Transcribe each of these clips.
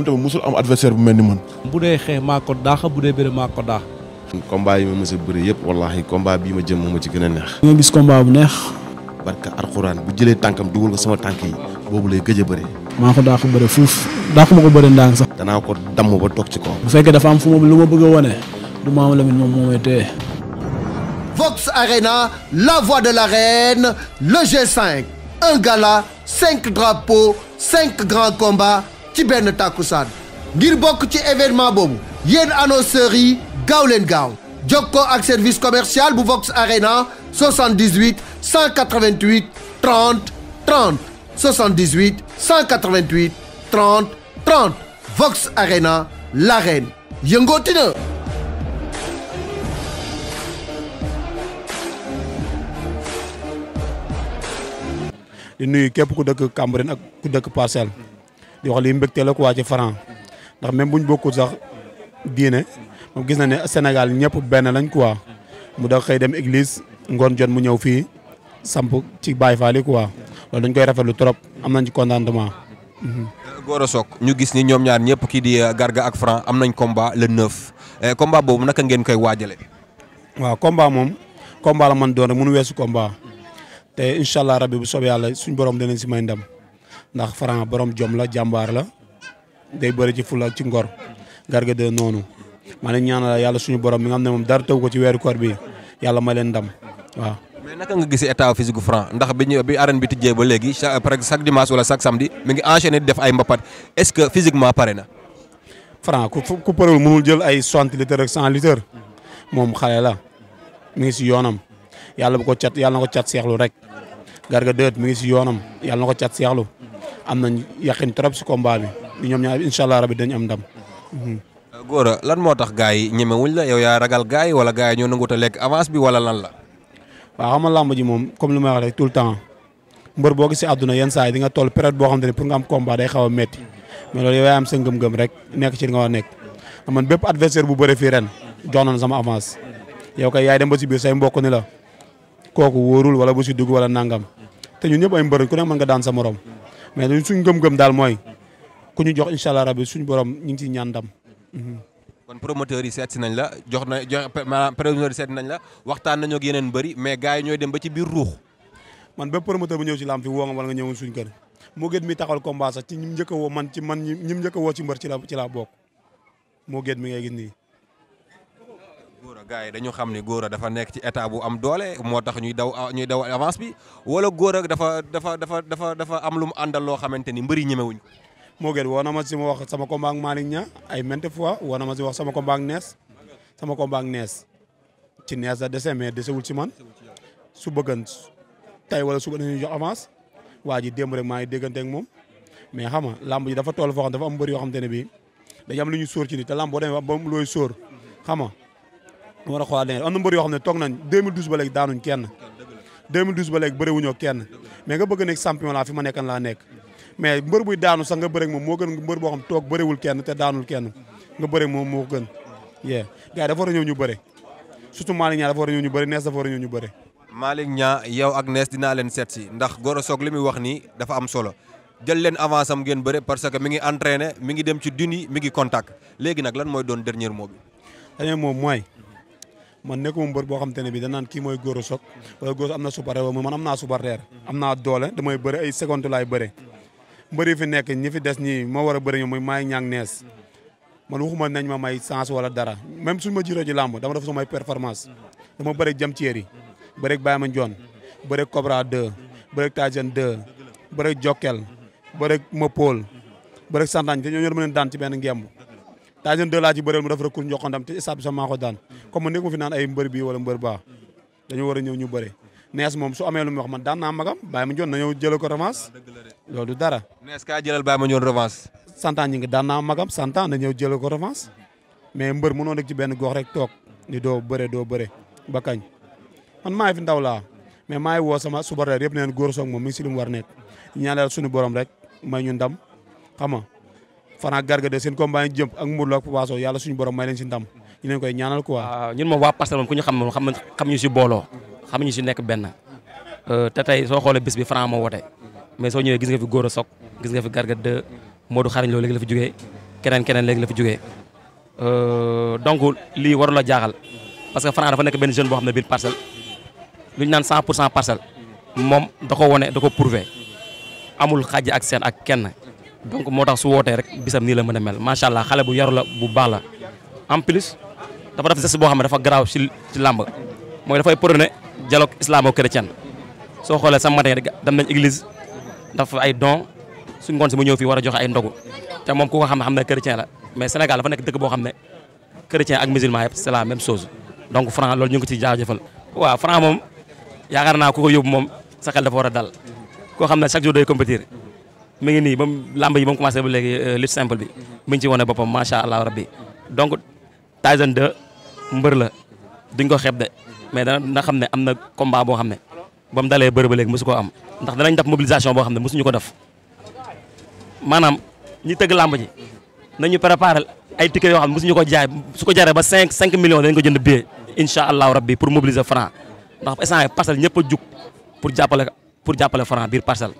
moom tamit mosul am adversaire bu mel ni man. bu dee xeex maa ko daax bu dee bëre maa ko daax. combat yi ma mës a bëri yëpp wallaahi combat bii ma jëm moo ma ci gën a neex. nga gis combat bu neex. barka alxuraan bu jëlee tànkam dugal ko sama tànk yi boobu lay gëj a bëri. maa ko daax bëri fuuf daax ko bëri ndànk sax. danaa ko damm ba toog ci kaw. a la voix de l'arène le G5 un gala cinq drapeaux cinq ci benn tàkkusaan ngir bokk ci événement boobu yéen annonceurs yi gaaw gaaw jokkoo ak service commercial bu Vox Arena 78 188 30 30 78 188 30 30 Vox Arena l'arène nuyu képp ku dëkk Cambérène ak ku dëkk Parcelles. di wax lii waaj ak waa ci Franc ndax même buñ bokkul sax diine moom gis na ne Sénégal ñëpp benn lañ quoi mu da xëy dem eglise ngoon jot mu ñëw fii samp ci Baye Fall yi loolu dañ koy rafetlu trop am nañ ci goor a sook ñu gis ni ñoom ñaar ñëpp kii di euh, Garga ak Franc am nañ combat le 9 eh, combat boobu na naka ngeen koy waajale waaw combat moom combat la man doon rek mënu weesu combat te incha allah rabbi bu soobee yàlla suñ borom dinañ si may ndam. ndax Franc borom jom la jàmbaar la day bëri ci fula ak ci ngor Garga de noonu ma leen ñaanal yàlla suñu borom mi nga am ne moom dara taw ko ci weeru kor bi yàlla ma leen ndam waaw. mais naka nga gisee état physique gu Franc ndax bi ñu bi arène bi tijjee ba léegi chaque par chaque dimanche wala chaque samedi mi ngi enchaîné def ay mbapat est-ce que physiquement pare na. Franc ku ku parewul jël ay soixante litres ak cent litres moom xale la mi ngi si yoonam yàlla bu ko cat yàlla ko cat seexlu rek Garga 2 mi ngi si yoonam yàlla na ko cat seexlu. am nañ yaqin trop si combat bi ñoom ñaar incha allah rabi dañ am ndam. Mhm. Gora lan moo tax gars yi ñemewuñ la yow yaa ragal gars yi wala gars yi ñoo nanguut ta lekk avance bi wala lan la. waaw xam nga làmb ji moom comme li may wax rek le temps mbër boo gisee àdduna yenn saa yi di nga boo xam ne pour nga am combat day a métti mais loolu yow yaa am sa ngëm-ngëm rek nekk ci li nga war nekk man bépp adversaire bu bëre fii ren jox nañ sama avance yow kay yaay dem ba si biir say mbokk ni la kooku wóorul wala bu si dugg wala nangam te ñu ñëpp ay mbër ku nga daan sa morom mais dañ suñ gëm-gëm daal mooy ku ñu jox incha allah rabi suñu borom ñu ngi ciy ñaan ndam. kon promoteur yi seet si nañ la jox na jox maanaam promoteur yi seet nañ la waxtaan nañoo ak yeneen bëri mais gars yi ñooy dem ba ci biir ruux. man bépp promoteur bu ñëw si lamb fi woo nga wal nga ñëwoon suñ kër moo gét mi taxawal combat sax ci ñim njëkk a woo man ci man ñim njëkk woo ci mbër ci la ci laa bokk moo gét mi ngay gis nii góor a gars yi dañu xam ni góor dafa nekk ci état bu am doole moo tax ñuy daw ñuy daw avance bi wala góor a dafa dafa dafa dafa dafa am lu mu àndal loo xamante ni mbëri ñemewuñ ko. moo gën woo na ma si ma wax sama combat ak Malick Niang ay maintes fois woo na ma si wax sama combat ak Nees sama combat ak Nees ci Nees la dese mais desewul ci man su bëggan tey wala suba dañuy jox avance waa ji démb rek maa ngi déggante ak moom mais xam nga lamb ji dafa toll foo xam dafa am mbër yoo xamante ne bii dañu am lu ñu sóor ci ni te lamb boo demee ba am looy lu war a xoolaat leneen am mbër yoo xam ne toog nañ 2012 ba léegi daanuñ kenn 2012 ba léegi bëriwuñoo kenn mais nga bëgg nekk champion laa fi ma nekkan laa nekk mais mbër buy daanu sax nga bëre ak moom moo gën mbër boo xam toog bëriwul kenn te daanul kenn nga bëre ak moom moo gën yee gars yi dafa war ñu bëre surtout Malick Niang dafa war a ñëw ñu bëre Ness dafa war a ñëw ñu bëre Malick Niang yow ak Ness dinaa leen seet si ndax Gora Sock li muy wax nii dafa am solo jël leen avance am ngeen bëre parce que mi ngi entraîné mi ngi dem ci dun yi mi ngi nag lan mooy doon dernier mot bi dernier mooy man nekkuma mbër boo xam ne bi danaan kii mooy góor a soog wala góor am na supporter wala man am naa supporter am naa doole damay bëre ay seconde laay bëre mbër yi fi nekk ñi fi des ñi moo war a bëri ñoom mooy maay ñaang nees man waxuma nañ ma may chance wala dara même suñ ma jiroo ci làmb dama def samay performance dama bëri jam ceeri bëri Baye Ma Ndione bëri Cobra 2 bëri Tajan 2 bëri Jokkel bëri Mapol bëri Santañ te ñoo ñoo dama leen daan ci benn ngemb Tyson 2 laa ci bëreel mu def recours jox ko ndam te stade bi daan comme ma nekk mu fi naan ay mbër bii wala mbër baa dañu war a ñëw ñu bëre nees moom su amee lu mu wax man daan naa magam bàyyi ma joon na ñëw jël ko revanche ah, loolu dara nees kaa jëlal bàyyi ma joon revanche santaan ñi ngi daan naa magam santaan na ñëw jël ko revanche mais mbër mënoo nekk ci benn gox rek toog ni doo bëre doo bëre ba kañ man maa ngi fi ndaw laa mais maa ngi woo sama suba reer yëpp neen góor soog moom mi ngi si lu mu war nekk ñaan suñu borom rek may ñu ndam xam Franc Garga de seen combat yi jëm ak Modou Lo ak Papa Sow yàlla suñu borom may leen si ndam ñu leen koy ñaanal quoi. Ah, ñun ñu xam moom xam ñu booloo xam ñu si nekk benn euh, te tey soo xoolee bis bi Franc moo woote mais soo ñëwee gis fi Gora Sock gis nga fi Garga 2 Modou Xarañ Lo léegi la fi jógee keneen keneen léegi la fi jógee euh, donc lii warul la jaaxal parce que Franc dafa nekk benn jeune boo xam ne biir Parcelles lu ñu naan 100 pour cent Parcelles moom da ko wone da ko prouvé amul xaj ak seen ak kenn. donc moo tax su wootee rek bisam nii la mën a mel macha allah xale bu yaru la bu baax la en plus dafa def geste boo xam ne dafa garaaw ci ci làmb mooy dafay prôné dialogue islamo-chrétien soo xoolee sa matin rek dem nañ église dafa ay don suñ ngoon si mu ñëw fii war a joxe ay ndogu te moom ku ko xam ne xam ne chrétien la mais Sénégal dafa nekk dëkk boo xam ne chrétien ak musulman yëpp c'est la même donc Franc loolu ñu ngi ko ciy jaajëfal waaw Franc moom yaakaar naa ko yóbbu moom sa war a koo xam ne chaque jour day compétir mi ngi nii ba làmb yi ba mu commencé ba léegi euh, lutte simple bi mi ngi ci wane boppam macha allah rabbi donc Tyson 2 mbër la duñ ko xeeb de mais dana dina xam ne am na combat boo xam ne ba dalee bër ba léegi mosu koo am ndax danañ def mobilisation boo xam ne mosuñu ko def maanaam ñi tëgg làmb ji nañu préparer ay ticket yoo xam ne suñu ko jaay su ko jaree ba cinq 5 millions dañ ko jënd billet incha allahu rabbi pour mobiliser franc ndax instant yii parcelle ñëpp jug pour jàppale pour jàppale franc biir parcelle.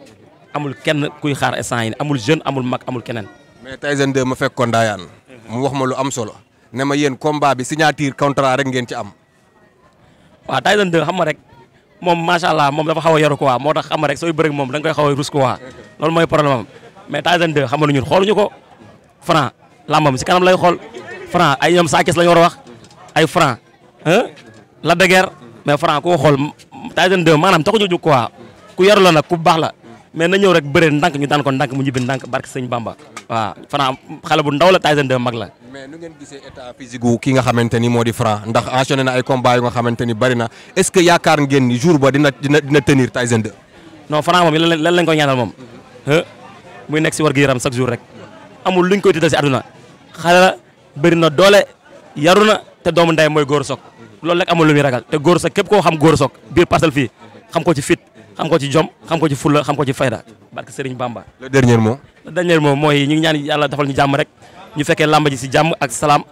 amul kenn kuy xaar instant yi amul jeune amul mag amul keneen. mais Tyson 2 ma fekkoon daayaan mu wax ma lu am solo. ne ma yéen combat bi signature contrat rek ngeen ci am. waaw Tyson 2 xam nga rek moom macha allah moom dafa xaw a yaru quoi moo tax xam rek sooy bëreeg moom da nga koy xaw a rus quoi loolu mooy problème am mais Tyson 2 xam nga ñun xooluñu ko franc lambam si kanam lay xool franc ay ñoom saakis la ñu war wax ay franc la de guerre mais franc xool Tyson 2 maanaam taxuñu jóg ku yaru la nag ku baax la. mais na ñëw rek bëri ndànk ñu daan ko ndànk mu ñibbi ndànk barke sëñ Bamba waaw Franc xale bu ndaw la Tyson 2 mag la mais nu ngeen gisee état physique ki nga xamante ni moo di Franc ndax enchaîné na ay combat nga xamante ni bari na est-ce que yaakaar ngeen ni jour ba dina dina dina tenir Tyson 2 non Franc moom lan lañ ko ñaanal moom muy nekk war gi yaram chaque jour rek amul luñ koy tiital si àdduna xale la bëri na doole yaru na te doomu ndey mooy góor sok loolu rek amul lu muy ragal te góor sok képp koo xam góor sok biir parcelle fii xam ko ci fi xam ko ci jom xam ko ci fulla xam ko ci fayda barke Serigne Bamba. le dernier mot. le dernier mot mooy ñu ngi yàlla dafal ñu jàmm rek ñu fekkee làmb si jàmm ak salaam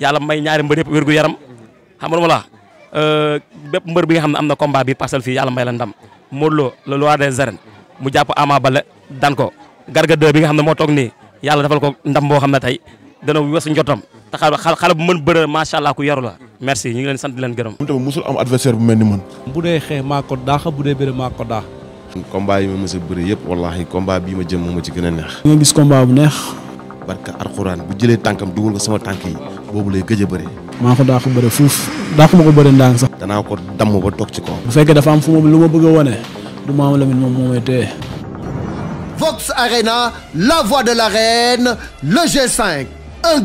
yàlla may ñaari mbër yëpp wér gu yaram xam nga la euh, bépp mbër bi nga xam ne am na combat bi parcelle fii yàlla may la ndam Modou Lo le roi des arènes mu jàpp Ama Baldé dan ko Garga 2 bi nga xam ne moo toog nii yàlla dafal ko ndam boo xam ne tey dana wesu njottam te xale bu mën bëre macha allah merci ñu ngi leen sant di leen gërëm. moom tamit mosul am adversaire bu mel ni man. bu dee xee maa ko daax bu dee bëre maa ko daax. combat yi ma mës a bëri yëpp wallaahi combat bii ma jëm moo ma a neex. nga gis combat bu tànkam dugal ko sama tànk yi boobu lay gëj a bëri. maa ko daax bëri fuuf daax ko bëri ndànk sax. danaa ko damm ba toog ci kaw. bu fekkee dafa am fu mu lu ma bëgg a wane du maam Lamine la voix de l'arène le